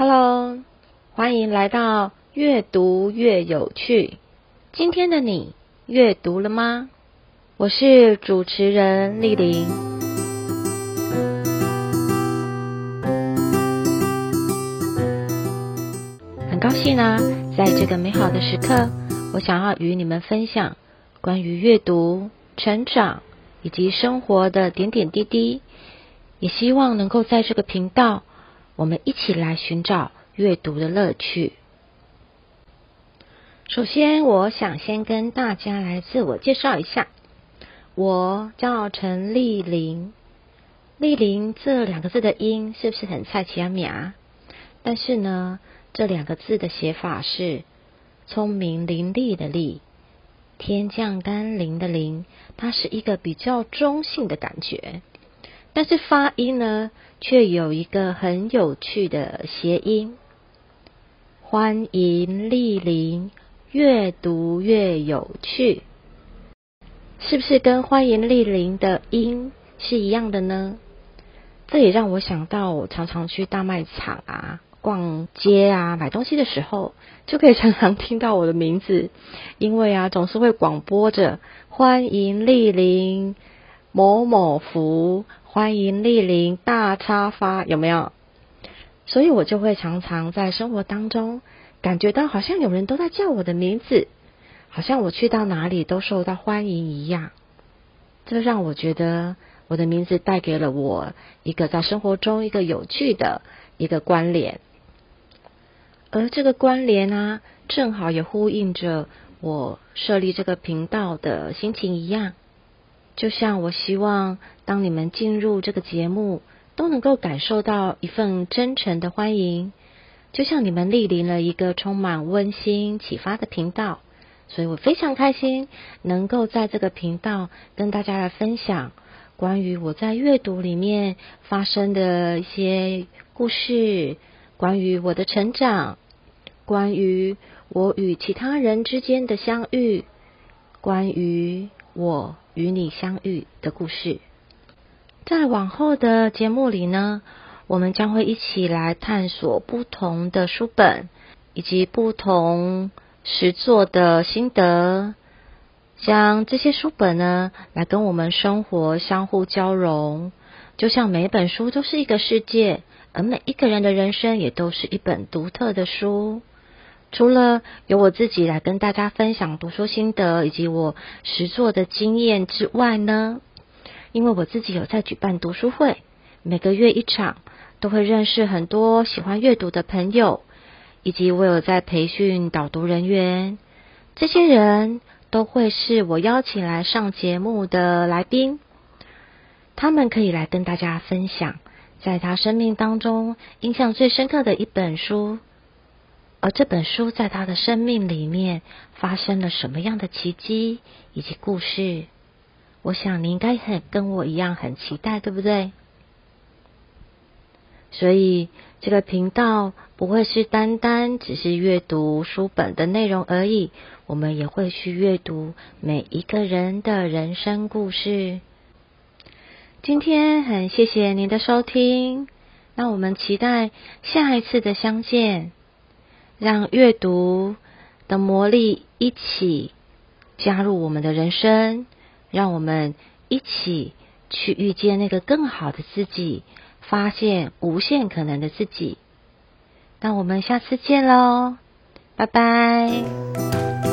哈嘍，Hello, 歡迎來到越讀越有趣。今天的你閱讀了嗎？我是主持人俐霖，很高興呢、啊，在這個美好的時刻，我想要與你們分享關於閱讀、成長以及生活的點點滴滴，也希望能夠在這個頻道。我們一起來尋找閱讀的樂趣。首先，我想先跟大家來自我介紹一下，我叫陳俐霖。俐霖這兩個字的音是不是很菜市仔名啊？但是呢，這兩個字的寫法是聰明伶俐的“俐”，天降甘霖的“霖”，它是一個比較中性的感覺。但是發音呢，卻有一個很有趣的諧音。歡迎蒞臨，越讀越有趣，是不是跟歡迎蒞臨的音是一樣的呢？這也讓我想到，我常常去大賣場啊、逛街啊、買東西的時候，就可以常常聽到我的名字，因為啊，總是會廣播着歡迎蒞臨某某福。歡迎蒞臨大插發，有沒有？所以我就會常常在生活當中感覺到，好像有人都在叫我的名字，好像我去到哪裡都受到歡迎一樣。這讓我覺得我的名字帶給了我一個在生活中一個有趣的一個關聯，而這個關聯啊，正好也呼應着我設立這個頻道的心情一樣。就像我希望，當你們進入這個節目，都能夠感受到一份真誠的歡迎。就像你們蒞臨了一個充滿溫馨、啟發的頻道，所以我非常開心能夠在這個頻道跟大家來分享，關於我在閱讀裡面發生的一些故事，關於我的成長，關於我與其他人之間的相遇，關於我，與你相遇的故事，在往後的節目裡呢，我們將會一起來探索不同的書本以及不同實作的心得，將這些書本呢，來跟我們生活相互交融。就像每本書都是一個世界，而每一個人的人生也都是一本獨特的書。除了由我自己來跟大家分享讀書心得以及我實作的經驗之外呢，因為我自己有在舉辦讀書會，每個月一場，都會認識很多喜歡閱讀的朋友，以及我有在培訓導讀人員，這些人都會是我邀請來上節目的來賓，他們可以來跟大家分享在他生命當中印象最深刻的一本書。而這本書在他的生命裡面發生了什麼樣的奇蹟以及故事？我想你應該很跟我一樣很期待，對不對？所以這個頻道不會是單單只是閱讀書本的內容而已，我們也會去閱讀每一個人的人生故事。今天很謝謝您的收聽，那我們期待下一次的相見。讓閱讀的魔力一起加入我們的人生，讓我們一起去遇見那個更好的自己，發現無限可能的自己。那我們下次見嘍，拜拜。